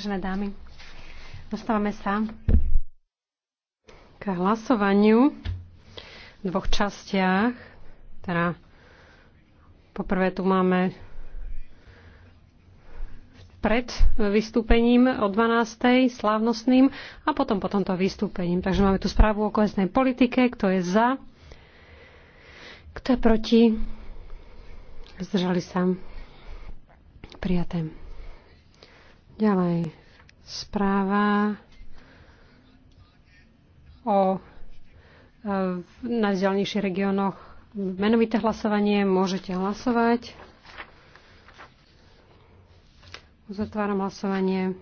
Vážené dámy, dostávame sa k hlasovaniu v dvoch častiach. Teda poprvé tu máme pred vystúpením o 12. slávnostným a potom po tomto vystúpením. Takže máme tu správu o kohesnej politike, kto je za, kto je proti. Zdržali sa prijaté. Ďalej. Správa o eh, najvzdialnejších regiónoch. Menovité hlasovanie môžete hlasovať. Uzatváram hlasovanie.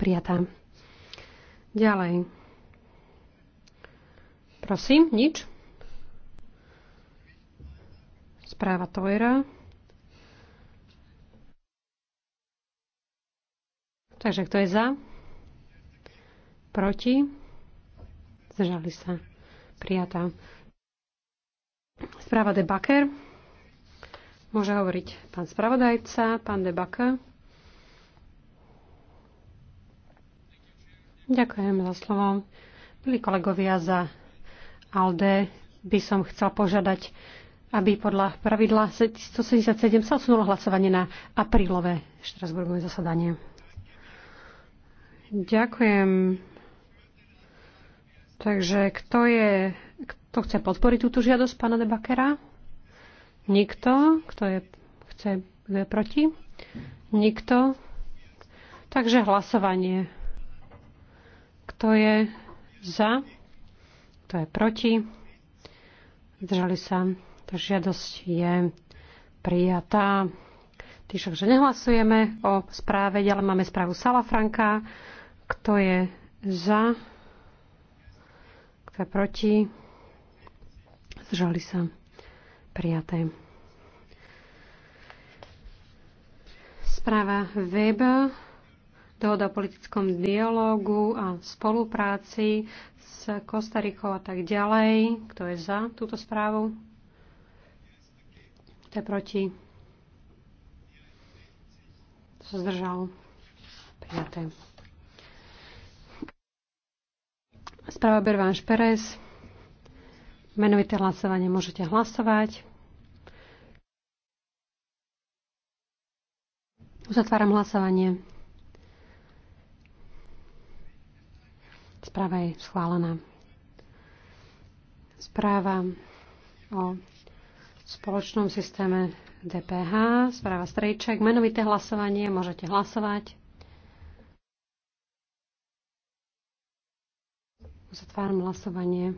Prijatá. Ďalej. Prosím, nič. Správa Tojera. Takže kto je za? Proti? Zdržali sa. Prijatá. Správa de Baker. Môže hovoriť pán spravodajca, pán de Baker. Ďakujem za slovo. Milí kolegovia, za ALDE by som chcel požiadať aby podľa pravidla 177 sa odsunulo hlasovanie na aprílové štrasburgové zasadanie. Ďakujem. Takže kto je, kto chce podporiť túto žiadosť pána Debakera? Nikto. Kto je, chce, kto je proti? Nikto. Takže hlasovanie. Kto je za? Kto je proti? Zdržali sa. Tá žiadosť je prijatá. Tým však, že nehlasujeme o správe, ale máme správu Salafranka. Kto je za? Kto je proti? Zdržali sa. Prijaté. Správa Web, Dohoda o politickom dialogu a spolupráci s Kostarikou a tak ďalej. Kto je za túto správu? Kto je proti? Kto sa zdržal? Prijaté. Správa Berván Šperes. Menovité hlasovanie môžete hlasovať. Uzatváram hlasovanie. Správa je schválená. Správa o spoločnom systéme DPH. Správa Strejček. Menovité hlasovanie. Môžete hlasovať. Zatváram hlasovanie.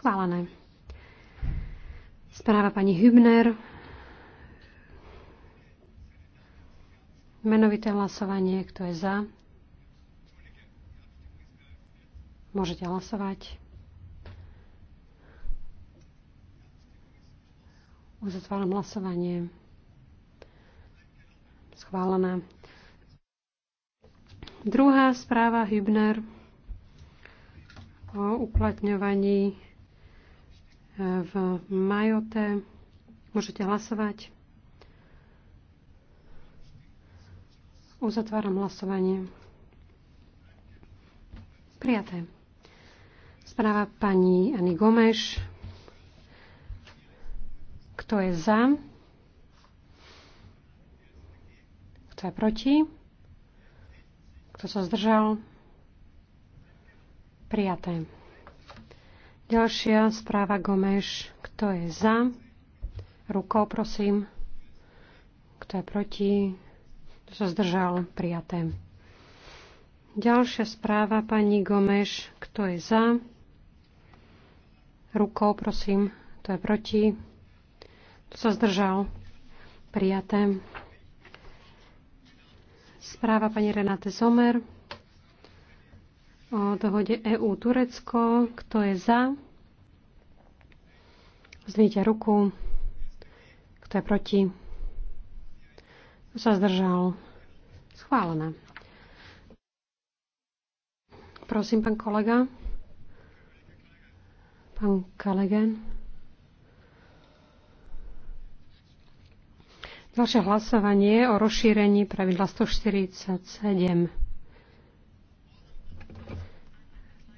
Schválené. Správa pani Hübner. Menovité hlasovanie. Kto je za? Môžete hlasovať. Uzatváram hlasovanie. Schválené. Druhá správa Hübner o uplatňovaní e, v Majote. Môžete hlasovať. Uzatváram hlasovanie. Prijaté. Správa pani Ani Gomeš. Kto je za? Kto je proti? Kto sa zdržal? Prijaté. Ďalšia správa Gomeš. Kto je za? Rukou, prosím. Kto je proti? Kto sa zdržal? Prijaté. Ďalšia správa pani Gomeš. Kto je za? rukou, prosím. To je proti. To sa zdržal. Prijaté. Správa pani Renate Zomer o dohode EU-Turecko. Kto je za? Zdvíte ruku. Kto je proti? Kto sa zdržal? Schválené. Prosím, pán kolega. Pán Kalegen. Ďalšie hlasovanie o rozšírení pravidla 147.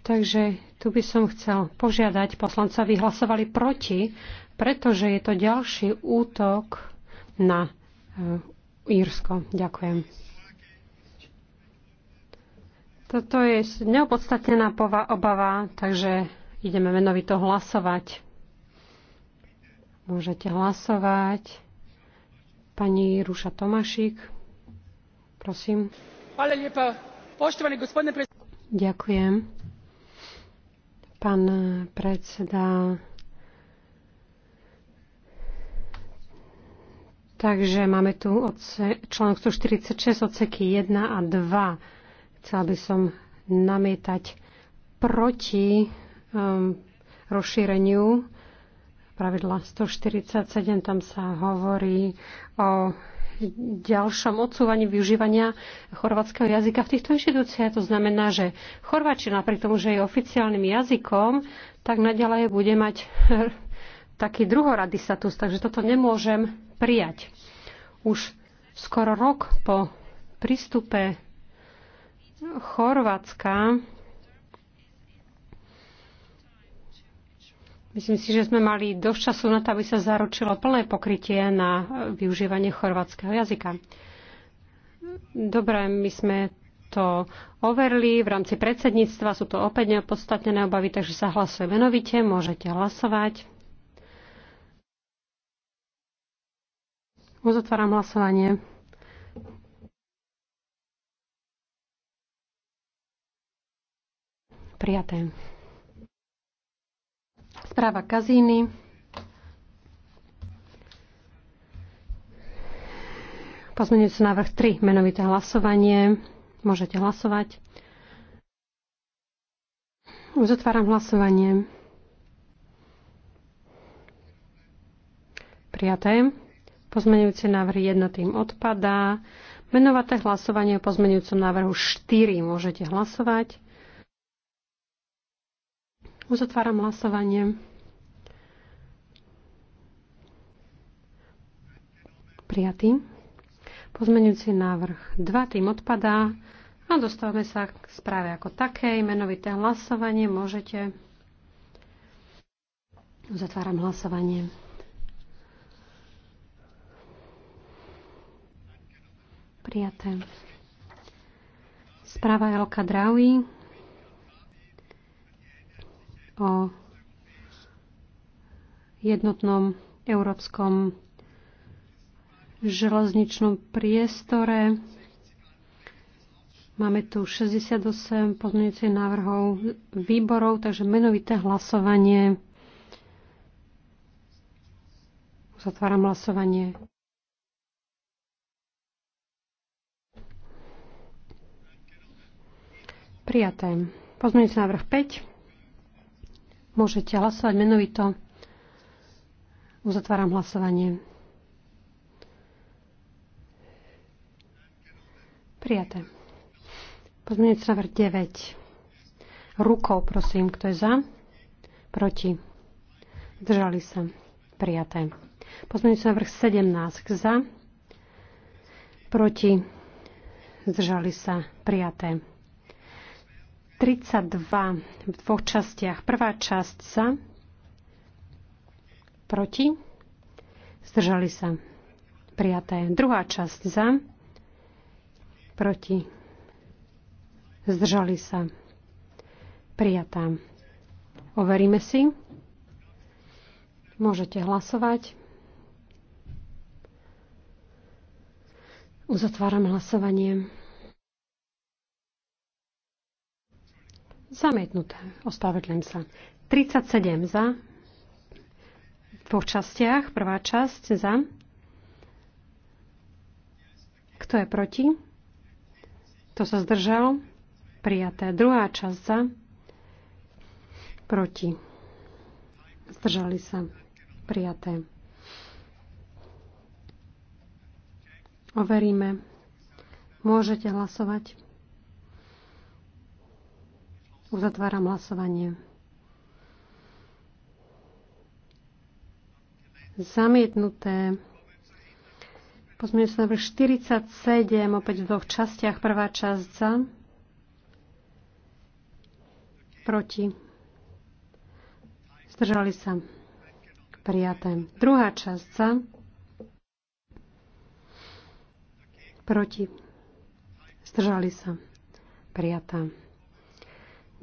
Takže tu by som chcel požiadať poslanca, hlasovali proti, pretože je to ďalší útok na e, Írsko. Ďakujem. Toto je neopodstatnená obava, takže Ideme menovito hlasovať. Môžete hlasovať. Pani Ruša Tomášik. prosím. Hvala lepa, poštovaný gospodine Ďakujem. Pán predseda. Takže máme tu odse- článok 146 odseky 1 a 2. Chcela by som namietať proti um, rozšíreniu pravidla 147. Tam sa hovorí o ďalšom odsúvaní využívania chorvátskeho jazyka v týchto inštitúciách. To znamená, že chorvačina, pri tom, že je oficiálnym jazykom, tak naďalej bude mať taký druhorady status, takže toto nemôžem prijať. Už skoro rok po prístupe Chorvátska Myslím si, že sme mali dosť času na to, aby sa zaručilo plné pokrytie na využívanie chorvátskeho jazyka. Dobre, my sme to overli v rámci predsedníctva, sú to opäť neopodstatnené obavy, takže sa hlasuje venovite. môžete hlasovať. Uzatváram hlasovanie. Prijaté. Správa Kazíny. Pozmeňujúci návrh 3, menovité hlasovanie. Môžete hlasovať. otváram hlasovanie. Prijaté. Pozmenujúci návrh 1 tým odpadá. Menovaté hlasovanie o pozmeňujúcom návrhu 4 môžete hlasovať. Uzatváram hlasovanie. Prijatý. Pozmenujúci návrh 2 tým odpadá a dostávame sa k správe ako takej. Menovité hlasovanie môžete. Uzatváram hlasovanie. Prijaté. Správa Elka Draui o jednotnom európskom železničnom priestore. Máme tu 68 pozmeňujúcich návrhov výborov, takže menovité hlasovanie. Zatváram hlasovanie. Prijaté. Pozmeňujúci návrh 5. Môžete hlasovať menovito. Uzatváram hlasovanie. Prijaté. Pozmienec návrh 9. Rukou, prosím, kto je za? Proti. Zdržali sa. Prijaté. Pozmienec návrh 17. Za? Proti. Zdržali sa. Prijaté. 32 v dvoch častiach. Prvá časť sa proti, zdržali sa prijaté. Druhá časť za, proti, zdržali sa prijatá. Overíme si. Môžete hlasovať. Uzatváram hlasovanie. Zamietnuté. Ospravedlňujem sa. 37 za. V dvoch častiach. Prvá časť za. Kto je proti? Kto sa zdržal? Prijaté. Druhá časť za. Proti. Zdržali sa. Prijaté. Overíme. Môžete hlasovať. Uzatváram hlasovanie. Zamietnuté. Pozmeňujem sa návrh 47, opäť v dvoch častiach. Prvá časť za. Proti. Zdržali sa. Prijaté. Druhá časť za. Proti. Zdržali sa. Prijatá.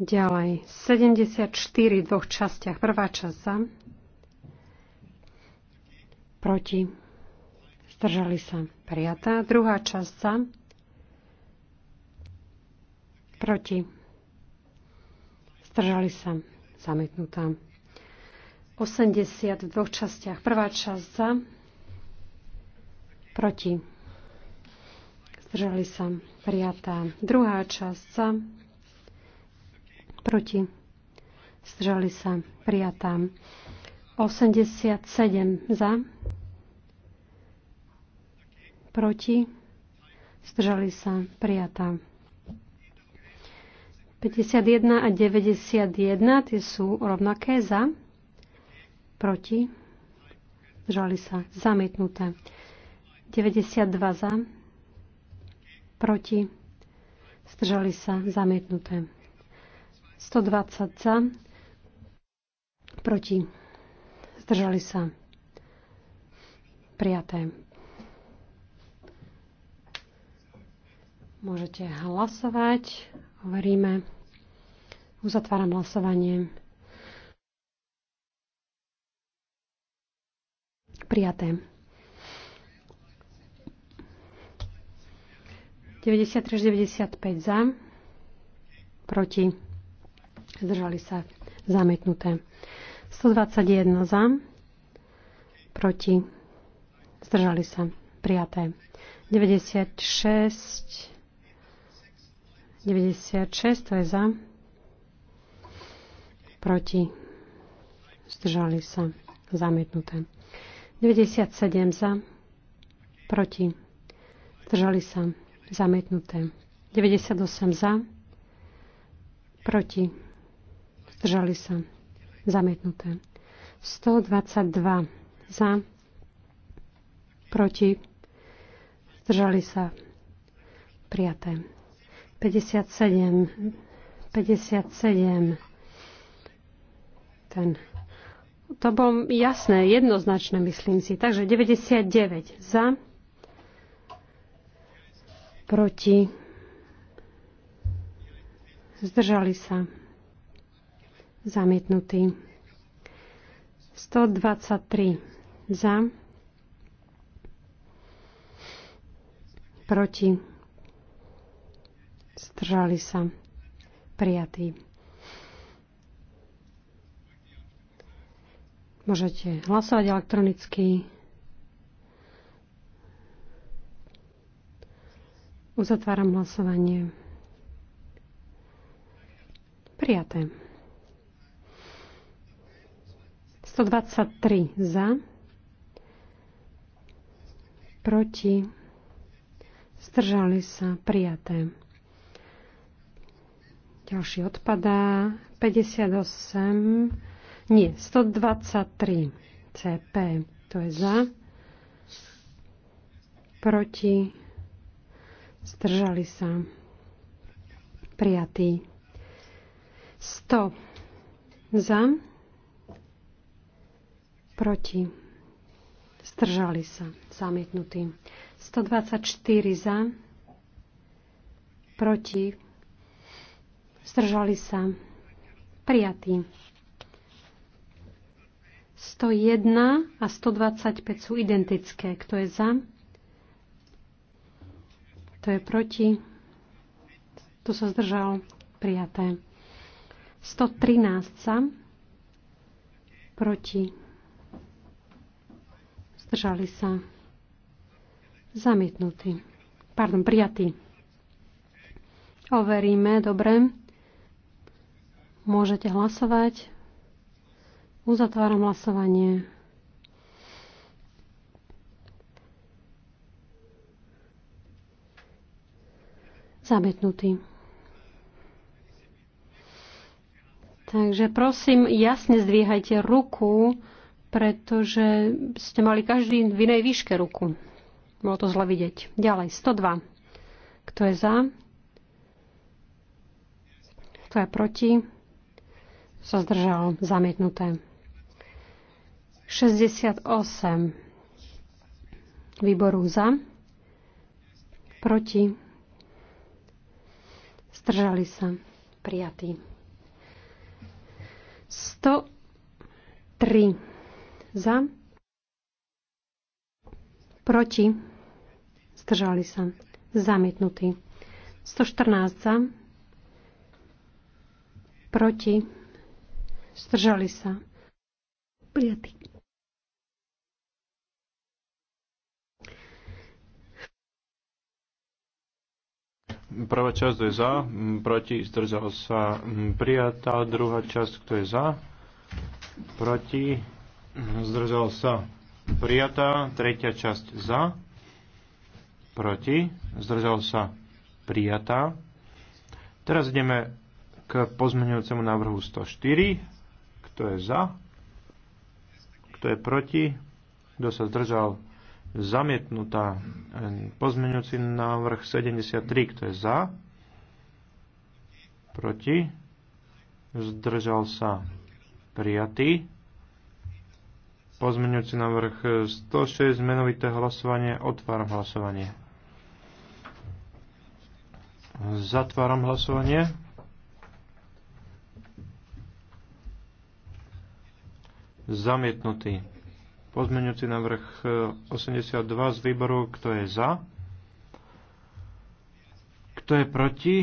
Ďalej, 74 v dvoch častiach. Prvá časť za, proti, zdržali sa, prijatá. Druhá časť za, proti, zdržali sa, zamietnutá. 80 v dvoch častiach. Prvá časť za, proti, zdržali sa, prijatá. Druhá časť za, Proti. Zdržali sa. Prijatá. 87 za. Proti. Zdržali sa. Prijatá. 51 a 91, tie sú rovnaké za. Proti. Zdržali sa. Zamietnuté. 92 za. Proti. Zdržali sa. Zamietnuté. 120 za, proti, zdržali sa, prijaté. Môžete hlasovať, overíme. Uzatváram hlasovanie. Prijaté. 93 95 za, proti zdržali sa zametnuté. 121 za, proti, zdržali sa prijaté. 96, 96 to je za, proti, zdržali sa zametnuté. 97 za, proti, zdržali sa zamietnuté. 98 za, proti, Zdržali sa. Zamietnuté. 122 za. Proti. Zdržali sa. Prijaté. 57. 57. Ten. To bolo jasné, jednoznačné, myslím si. Takže 99 za. Proti. Zdržali sa. Zamietnutý. 123 za. Proti. Zdržali sa. prijatí. Môžete hlasovať elektronicky. Uzatváram hlasovanie. Prijaté. 123 za, proti, zdržali sa, prijaté. Ďalší odpadá, 58, nie, 123 CP, to je za, proti, zdržali sa, prijatý. 100 za, proti, zdržali sa, zamietnutý. 124 za, proti, zdržali sa, prijatý. 101 a 125 sú identické. Kto je za? Kto je proti? Kto sa zdržal? Prijaté. 113 za, proti Zdržali sa. Zamietnutý. Pardon, prijatý. Overíme, dobre. Môžete hlasovať. Uzatváram hlasovanie. Zamietnutý. Takže prosím, jasne zdvíhajte ruku, pretože ste mali každý v inej výške ruku. Bolo to zle vidieť. Ďalej, 102. Kto je za? Kto je proti? Sa zdržal. Zamietnuté. 68. Výboru za. Proti. Zdržali sa. Prijatý. 103 za. Proti. Zdržali sa. Zamietnutý. 114 za. Proti. Zdržali sa. Prijatý. Prvá časť, kto je za, mm, proti, zdržal sa mm, prijatá. Druhá časť, kto je za, proti, zdržal sa prijatá, tretia časť za, proti, zdržal sa prijatá. Teraz ideme k pozmeňujúcemu návrhu 104, kto je za, kto je proti, kto sa zdržal zamietnutá. Pozmeňujúci návrh 73, kto je za, proti, zdržal sa prijatý. Pozmeňujúci návrh 106, e, menovité hlasovanie, otváram hlasovanie. Zatváram hlasovanie. Zamietnutý. Pozmeňujúci návrh 82 e, z výboru, kto je za? Kto je proti?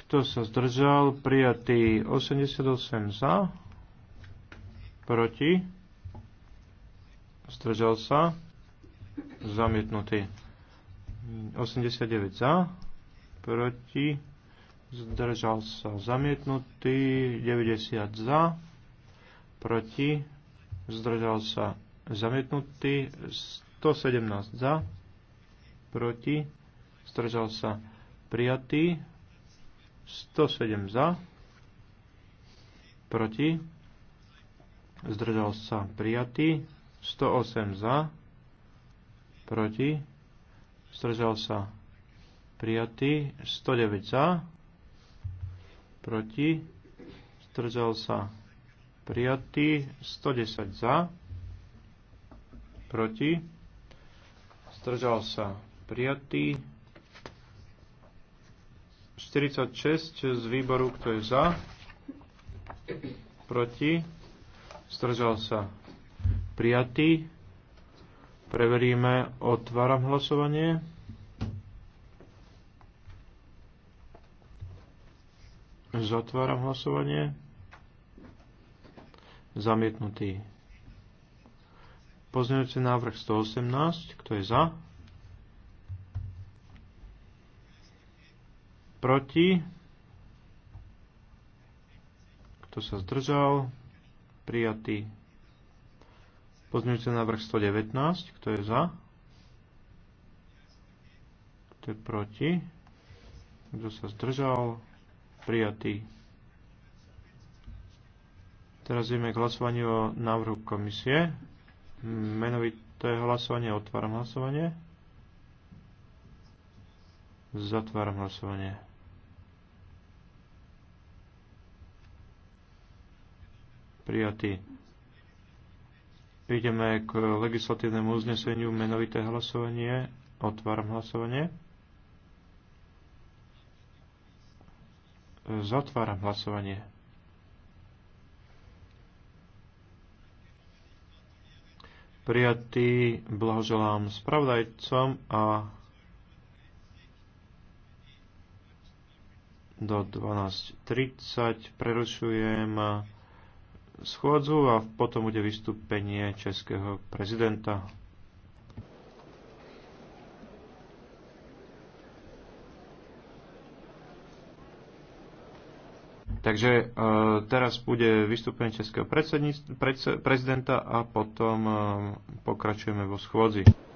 Kto sa zdržal? Prijatý 88 za? Proti? zdržal sa, zamietnutý. 89 za, proti, zdržal sa, zamietnutý. 90 za, proti, zdržal sa, zamietnutý. 117 za, proti, zdržal sa, prijatý. 107 za, proti, zdržal sa, prijatý. 108 za, proti, zdržal sa prijatý, 109 za, proti, zdržal sa prijatý, 110 za, proti, zdržal sa prijatý, 46 z výboru, kto je za, proti, zdržal sa prijatý. Preveríme, otváram hlasovanie. Zatváram hlasovanie. Zamietnutý. Pozmeňujúci návrh 118. Kto je za? Proti? Kto sa zdržal? Prijatý. Pozmeňujúci návrh 119, kto je za? Kto je proti? Kto sa zdržal? Prijatý. Teraz ideme k hlasovaniu o návrhu komisie. Menovité hlasovanie, otváram hlasovanie. Zatváram hlasovanie. Prijatý. Ideme k legislatívnemu uzneseniu menovité hlasovanie. Otváram hlasovanie. Zatváram hlasovanie. Prijatý blahoželám spravodajcom a do 12.30 prerušujem schôdzu a potom bude vystúpenie českého prezidenta. Takže e, teraz bude vystúpenie českého prezidenta a potom e, pokračujeme vo schôdzi.